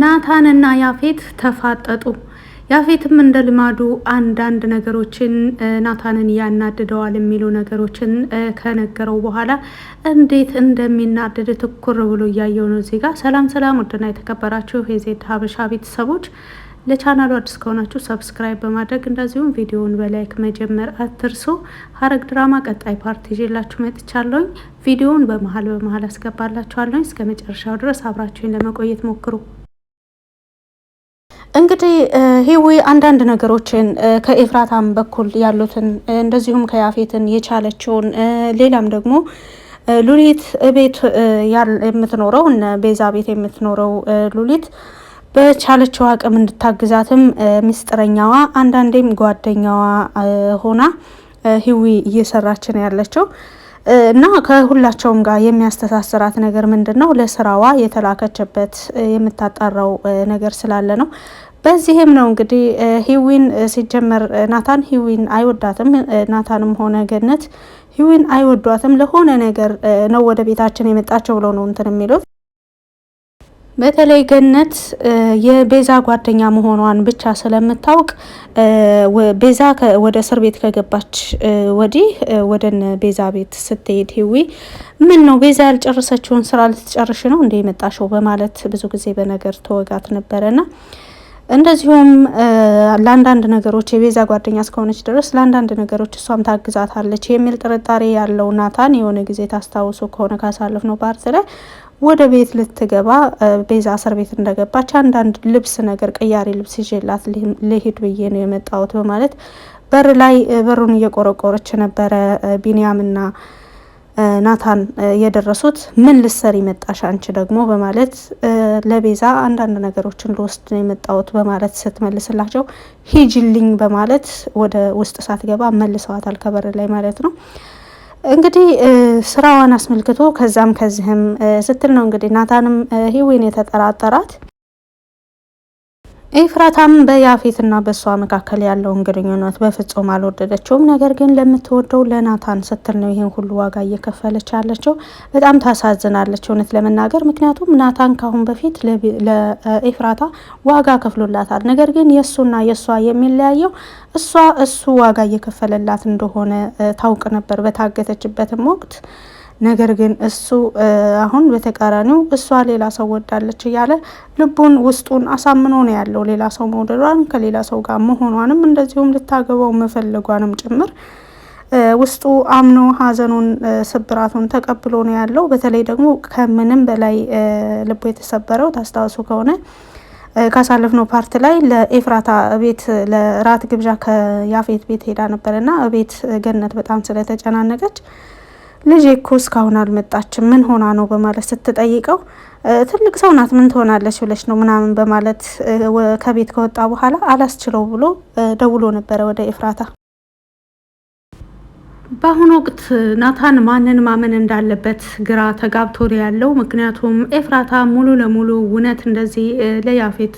ናታንና ያፌት ተፋጠጡ። ያፌትም እንደ ልማዱ አንዳንድ ነገሮችን ናታንን ያናድደዋል የሚሉ ነገሮችን ከነገረው በኋላ እንዴት እንደሚናደድ ትኩር ብሎ እያየው ነው። እዚህ ጋር ሰላም ሰላም፣ ውድና የተከበራችሁ የዜድ ሀበሻ ቤተሰቦች ለቻናሉ አዲስ ከሆናችሁ ሰብስክራይብ በማድረግ እንደዚሁም ቪዲዮውን በላይክ መጀመር አትርሱ። ሀረግ ድራማ ቀጣይ ፓርት ይዤላችሁ መጥቻለሁኝ። ቪዲዮውን በመሀል በመሀል አስገባላችኋለሁኝ። እስከ መጨረሻው ድረስ አብራችሁኝ ለመቆየት ሞክሩ። እንግዲህ ሂዊ አንዳንድ ነገሮችን ከኤፍራታም በኩል ያሉትን እንደዚሁም ከያፌትን የቻለችውን ሌላም ደግሞ ሉሊት ቤት የምትኖረው እነ ቤዛ ቤት የምትኖረው ሉሊት በቻለችው አቅም እንድታግዛትም ምስጥረኛዋ አንዳንዴም ጓደኛዋ ሆና ሂዊ እየሰራች ነው ያለችው እና ከሁላቸውም ጋር የሚያስተሳስራት ነገር ምንድን ነው? ለስራዋ የተላከችበት የምታጣራው ነገር ስላለ ነው። በዚህም ነው እንግዲህ ሂዊን ሲጀመር ናታን ሂዊን አይወዳትም። ናታንም ሆነ ገነት ሂዊን አይወዷትም። ለሆነ ነገር ነው ወደ ቤታችን የመጣቸው ብለው ነው እንትን የሚሉት። በተለይ ገነት የቤዛ ጓደኛ መሆኗን ብቻ ስለምታውቅ ቤዛ ወደ እስር ቤት ከገባች ወዲህ ወደን ቤዛ ቤት ስትሄድ ሂዊ ምን ነው ቤዛ ያልጨረሰችውን ስራ ልትጨርሽ ነው እንደ የመጣሽው በማለት ብዙ ጊዜ በነገር ተወጋት ነበረና እንደዚሁም ለአንዳንድ ነገሮች የቤዛ ጓደኛ እስከሆነች ድረስ ለአንዳንድ ነገሮች እሷም ታግዛታለች የሚል ጥርጣሬ ያለው ናታን የሆነ ጊዜ ታስታውሶ ከሆነ ካሳለፍ ነው ፓርት ላይ ወደ ቤት ልትገባ ቤዛ እስር ቤት እንደገባች አንዳንድ ልብስ ነገር ቀያሪ ልብስ ይዤላት ልሂድ ብዬ ነው የመጣሁት በማለት በር ላይ በሩን እየቆረቆረች ነበረ ቢንያምና ናታን የደረሱት ምን ልሰሪ መጣሽ አንቺ ደግሞ በማለት ለቤዛ አንዳንድ ነገሮችን ልወስድ ነው የመጣሁት በማለት ስትመልስላቸው ሂጅልኝ በማለት ወደ ውስጥ ሳትገባ መልሰዋታል፣ ከበር ላይ ማለት ነው። እንግዲህ ስራዋን አስመልክቶ ከዛም ከዚህም ስትል ነው እንግዲህ ናታንም ህዌን የተጠራጠራት ኤፍራታም በያፌትና በእሷ መካከል ያለውን ግንኙነት በፍጹም አልወደደችውም። ነገር ግን ለምትወደው ለናታን ስትል ነው ይህን ሁሉ ዋጋ እየከፈለች ያለችው። በጣም ታሳዝናለች እውነት ለመናገር ምክንያቱም ናታን ካሁን በፊት ለኤፍራታ ዋጋ ከፍሎላታል። ነገር ግን የእሱና የእሷ የሚለያየው እሷ እሱ ዋጋ እየከፈለላት እንደሆነ ታውቅ ነበር በታገተችበትም ወቅት ነገር ግን እሱ አሁን በተቃራኒው እሷ ሌላ ሰው ወዳለች እያለ ልቡን ውስጡን አሳምኖ ነው ያለው። ሌላ ሰው መውደዷን ከሌላ ሰው ጋር መሆኗንም እንደዚሁም ልታገባው መፈለጓንም ጭምር ውስጡ አምኖ ሀዘኑን ስብራቱን ተቀብሎ ነው ያለው። በተለይ ደግሞ ከምንም በላይ ልቡ የተሰበረው ታስታውሱ ከሆነ ካሳለፍነው ፓርት ላይ ለኤፍራታ ቤት ለራት ግብዣ ከያፌት ቤት ሄዳ ነበርና ቤት ገነት በጣም ስለተጨናነቀች ልጄ እኮ እስካሁን አልመጣችም ምን ሆና ነው በማለት ስትጠይቀው ትልቅ ሰው ናት ምን ትሆናለች ብለች ነው ምናምን በማለት ከቤት ከወጣ በኋላ አላስችለው ብሎ ደውሎ ነበረ ወደ ኤፍራታ በአሁኑ ወቅት ናታን ማንን ማመን እንዳለበት ግራ ተጋብቶ ያለው ምክንያቱም ኤፍራታ ሙሉ ለሙሉ እውነት እንደዚህ ለያፌት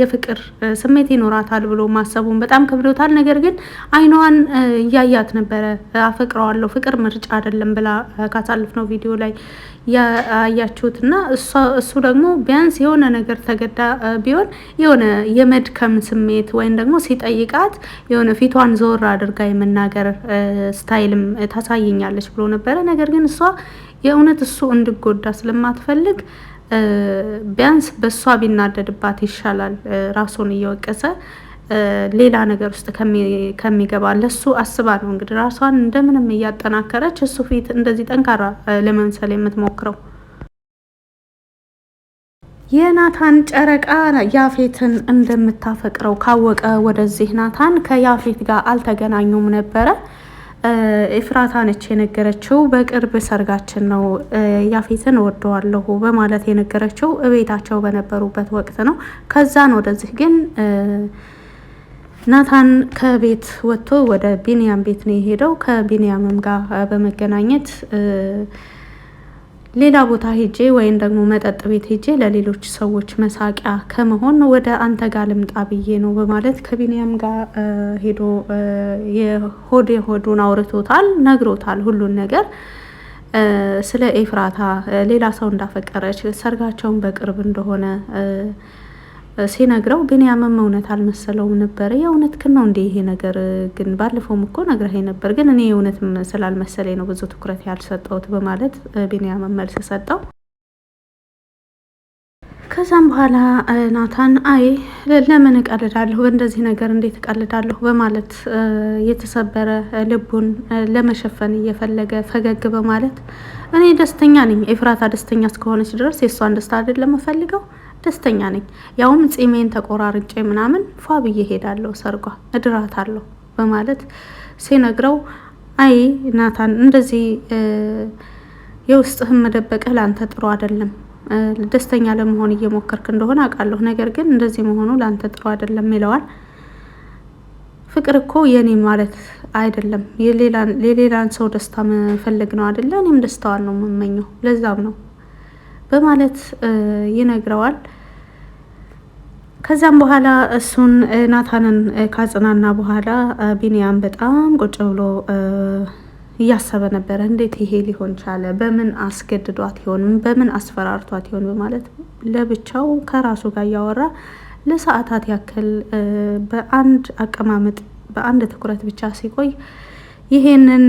የፍቅር ስሜት ይኖራታል ብሎ ማሰቡን በጣም ከብዶታል። ነገር ግን አይኗን እያያት ነበረ። አፈቅረዋለሁ፣ ፍቅር ምርጫ አይደለም ብላ ካሳልፍ ነው ቪዲዮ ላይ እና እሱ ደግሞ ቢያንስ የሆነ ነገር ተገዳ ቢሆን የሆነ የመድከም ስሜት ወይም ደግሞ ሲጠይቃት የሆነ ፊቷን ዞር አድርጋ የመናገር ስታይልም ታሳየኛለች ብሎ ነበረ። ነገር ግን እሷ የእውነት እሱ እንድጎዳ ስለማትፈልግ ቢያንስ በእሷ ቢናደድባት ይሻላል ራሱን እየወቀሰ ሌላ ነገር ውስጥ ከሚገባ ለሱ አስባ ነው እንግዲህ ራሷን እንደምንም እያጠናከረች እሱ ፊት እንደዚህ ጠንካራ ለመምሰል የምትሞክረው። የናታን ጨረቃ ያፌትን እንደምታፈቅረው ካወቀ ወደዚህ ናታን ከያፌት ጋር አልተገናኙም ነበረ። ኤፍራታ ነች የነገረችው። በቅርብ ሰርጋችን ነው ያፌትን ወደዋለሁ በማለት የነገረችው እቤታቸው በነበሩበት ወቅት ነው። ከዛን ወደዚህ ግን ናታን ከቤት ወጥቶ ወደ ቢንያም ቤት ነው የሄደው። ከቢንያምም ጋር በመገናኘት ሌላ ቦታ ሄጄ ወይም ደግሞ መጠጥ ቤት ሄጄ ለሌሎች ሰዎች መሳቂያ ከመሆን ወደ አንተ ጋር ልምጣ ብዬ ነው በማለት ከቢንያም ጋር ሄዶ የሆድ የሆዱን አውርቶታል፣ ነግሮታል ሁሉን ነገር ስለ ኤፍራታ ሌላ ሰው እንዳፈቀረች ሰርጋቸውን በቅርብ እንደሆነ ሲነግረው ግን ቢንያምም እውነት አልመሰለውም ነበረ። የእውነት ክን ነው እንዴ ይሄ ነገር? ግን ባለፈውም እኮ ነግረኸኝ ነበር፣ ግን እኔ የእውነት ስላልመሰለኝ ነው ብዙ ትኩረት ያልሰጠውት በማለት ቢንያምም መልስ ሰጠው። ከዛም በኋላ ናታን አይ ለምን እቀልዳለሁ በእንደዚህ ነገር እንዴት እቀልዳለሁ በማለት የተሰበረ ልቡን ለመሸፈን እየፈለገ ፈገግ በማለት እኔ ደስተኛ ነኝ፣ ኤፍራታ ደስተኛ እስከሆነች ድረስ የእሷን ደስታ አይደለም እምፈልገው ደስተኛ ነኝ። ያውም ጺሜን ተቆራርጬ ምናምን ፏ ብዬ ሄዳለሁ፣ ሰርጓ እድራታለሁ በማለት ሲነግረው አይ ናታን እንደዚህ የውስጥህን መደበቅህ ለአንተ ጥሩ አይደለም። ደስተኛ ለመሆን እየሞከርክ እንደሆነ አውቃለሁ፣ ነገር ግን እንደዚህ መሆኑ ለአንተ ጥሩ አይደለም ይለዋል። ፍቅር እኮ የኔ ማለት አይደለም የሌላን ሰው ደስታ መፈለግ ነው አይደለ? እኔም ደስታዋን ነው የምመኘው። ለዛም ነው በማለት ይነግረዋል። ከዛም በኋላ እሱን ናታንን ካጽናና በኋላ ቢንያም በጣም ቁጭ ብሎ እያሰበ ነበረ። እንዴት ይሄ ሊሆን ቻለ? በምን አስገድዷት ይሆን? በምን አስፈራርቷት ይሆን? በማለት ለብቻው ከራሱ ጋር እያወራ ለሰዓታት ያክል በአንድ አቀማመጥ በአንድ ትኩረት ብቻ ሲቆይ ይሄንን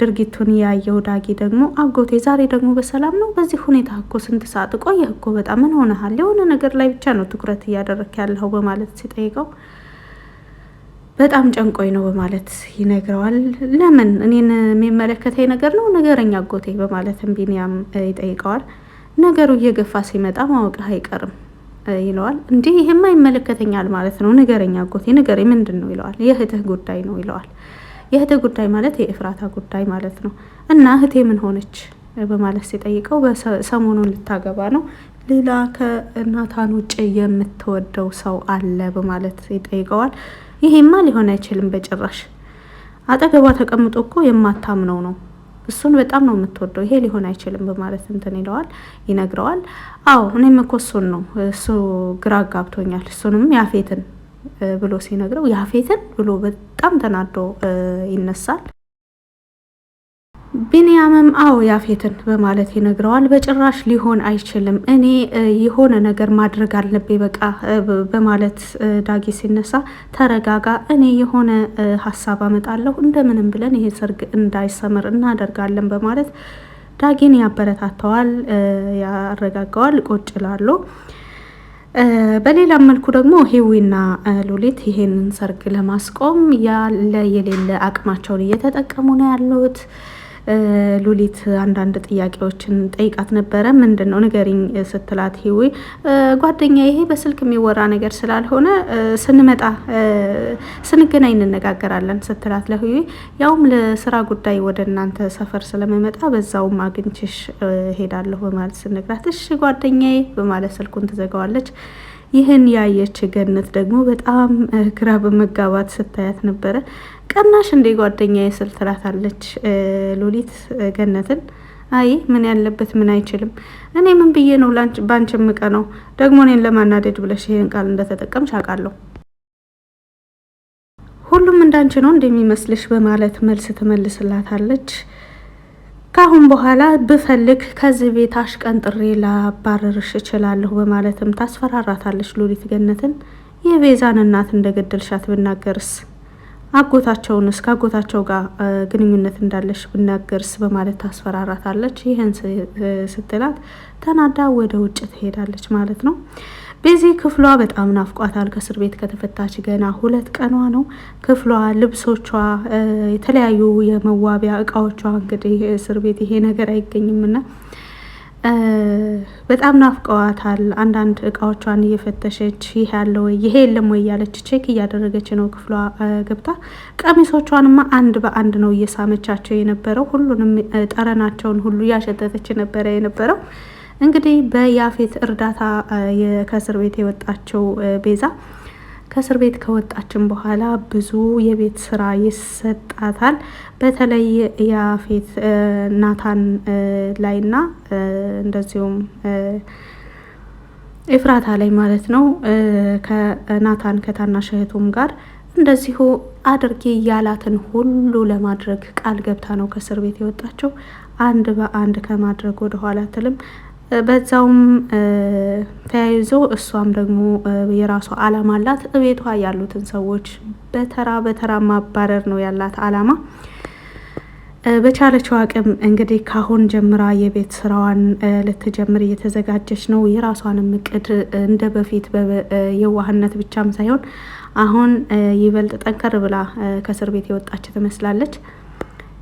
ድርጊቱን ያየው ዳጊ ደግሞ አጎቴ ዛሬ ደግሞ በሰላም ነው? በዚህ ሁኔታ እኮ ስንት ሰዓት ቆየህ እኮ በጣም ምን ሆነሃል? የሆነ ነገር ላይ ብቻ ነው ትኩረት እያደረክ ያለው በማለት ሲጠይቀው በጣም ጨንቆይ ነው በማለት ይነግረዋል። ለምን እኔን የሚመለከተኝ ነገር ነው ንገረኝ አጎቴ በማለትም ቢኒያም ይጠይቀዋል። ነገሩ እየገፋ ሲመጣ ማወቅህ አይቀርም ይለዋል። እንዲህ ይህማ ይመለከተኛል ማለት ነው ንገረኝ አጎቴ ንገረኝ፣ ምንድን ነው ይለዋል። የእህትህ ጉዳይ ነው ይለዋል። የእህቴ ጉዳይ ማለት የኤፍራታ ጉዳይ ማለት ነው እና እህቴ ምን ሆነች በማለት ሲጠይቀው ሰሞኑን ልታገባ ነው ሌላ ከናታን ውጭ የምትወደው ሰው አለ በማለት ይጠይቀዋል። ይሄማ ሊሆን አይችልም በጭራሽ አጠገቧ ተቀምጦ እኮ የማታምነው ነው እሱን በጣም ነው የምትወደው። ይሄ ሊሆን አይችልም በማለት እንትን ይለዋል ይነግረዋል። አዎ እኔም እኮ እሱን ነው እሱ ግራ ጋብቶኛል። እሱንም ያፌትን ብሎ ሲነግረው ያፌትን ብሎ በጣም ተናዶ ይነሳል። ቢንያምም አዎ ያፌትን በማለት ይነግረዋል። በጭራሽ ሊሆን አይችልም፣ እኔ የሆነ ነገር ማድረግ አለብኝ በቃ በማለት ዳጊ ሲነሳ፣ ተረጋጋ፣ እኔ የሆነ ሀሳብ አመጣለሁ፣ እንደምንም ብለን ይሄ ሰርግ እንዳይሰምር እናደርጋለን በማለት ዳጊን ያበረታተዋል፣ ያረጋጋዋል። ቆጭ በሌላ መልኩ ደግሞ ሂዊና ሉሊት ይሄንን ሰርግ ለማስቆም ያለ የሌለ አቅማቸውን እየተጠቀሙ ነው ያሉት። ሉሊት አንዳንድ ጥያቄዎችን ጠይቃት ነበረ። ምንድን ነው ንገሪኝ ስትላት ሂዊ ጓደኛ፣ ይሄ በስልክ የሚወራ ነገር ስላልሆነ ስንመጣ ስንገናኝ እንነጋገራለን ስትላት ለሂዊ ያውም ለስራ ጉዳይ ወደ እናንተ ሰፈር ስለመመጣ በዛውም አግንችሽ ሄዳለሁ በማለት ስነግራት እሺ ጓደኛዬ በማለት ስልኩን ትዘጋዋለች። ይህን ያየች ገነት ደግሞ በጣም ግራ በመጋባት ስታያት ነበረ። ቀናሽ እንዴ ጓደኛ የስል ትላታለች ሎሊት ገነትን። አይ ምን ያለበት ምን አይችልም። እኔ ምን ብዬ ነው ባንች ምቀ ነው ደግሞ እኔን ለማናደድ ብለሽ ይህን ቃል እንደተጠቀምሽ አውቃለሁ። ሁሉም እንዳንቺ ነው እንደሚመስልሽ በማለት መልስ ትመልስላታለች። ካሁን በኋላ ብፈልግ ከዚህ ቤት አሽቀንጥሬ ላባረርሽ እችላለሁ በማለትም ታስፈራራታለች ሉሊት ገነትን። የቤዛን እናት ገደልሻት ብናገርስ፣ አጎታቸውንስ፣ ከአጎታቸው ጋር ግንኙነት እንዳለሽ ብናገርስ በማለት ታስፈራራታለች። ይህን ስትላት ተናዳ ወደ ውጭ ትሄዳለች ማለት ነው። ቤዚ ክፍሏ በጣም ናፍቋታል። ከእስር ቤት ከተፈታች ገና ሁለት ቀኗ ነው። ክፍሏ፣ ልብሶቿ፣ የተለያዩ የመዋቢያ እቃዎቿ እንግዲህ እስር ቤት ይሄ ነገር አይገኝምና በጣም ናፍቀዋታል። አንዳንድ እቃዎቿን እየፈተሸች ይህ ያለ ወይ ይሄ የለም ወይ እያለች ቼክ እያደረገች ነው ክፍሏ ገብታ። ቀሚሶቿንማ አንድ በአንድ ነው እየሳመቻቸው የነበረው። ሁሉንም ጠረናቸውን ሁሉ እያሸተተች ነበረ የነበረው እንግዲህ በያፌት እርዳታ ከእስር ቤት የወጣቸው ቤዛ ከእስር ቤት ከወጣችን በኋላ ብዙ የቤት ስራ ይሰጣታል። በተለይ ያፌት ናታን ላይና እንደዚሁም ኤፍራታ ላይ ማለት ነው ከናታን ከታናሽ እህቱም ጋር እንደዚሁ አድርጌ ያላትን ሁሉ ለማድረግ ቃል ገብታ ነው ከእስር ቤት የወጣቸው። አንድ በአንድ ከማድረግ ወደኋላ ትልም በዛውም ተያይዞ እሷም ደግሞ የራሷ አላማ አላት። እቤቷ ያሉትን ሰዎች በተራ በተራ ማባረር ነው ያላት አላማ። በቻለችው አቅም እንግዲህ ካሁን ጀምራ የቤት ስራዋን ልትጀምር እየተዘጋጀች ነው። የራሷንም እቅድ እንደ በፊት የዋህነት ብቻም ሳይሆን አሁን ይበልጥ ጠንከር ብላ ከእስር ቤት የወጣች ትመስላለች።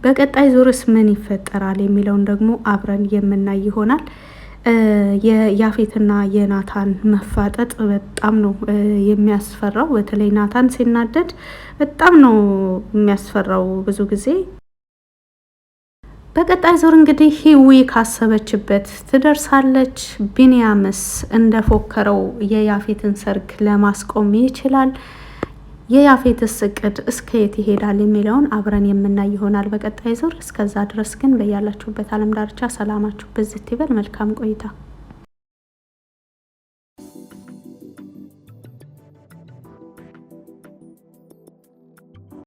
በቀጣይ ዙርስ ምን ይፈጠራል የሚለውን ደግሞ አብረን የምናይ ይሆናል። የያፌትና የናታን መፋጠጥ በጣም ነው የሚያስፈራው። በተለይ ናታን ሲናደድ በጣም ነው የሚያስፈራው ብዙ ጊዜ። በቀጣይ ዙር እንግዲህ ሂዊ ካሰበችበት ትደርሳለች። ቢንያምስ እንደፎከረው የያፌትን ሰርግ ለማስቆም ይችላል። የያፌትስ እቅድ እስከየት ይሄዳል የሚለውን አብረን የምናይ ይሆናል በቀጣይ ዙር። እስከዛ ድረስ ግን በያላችሁበት አለም ዳርቻ ሰላማችሁ ብዝት ይበል። መልካም ቆይታ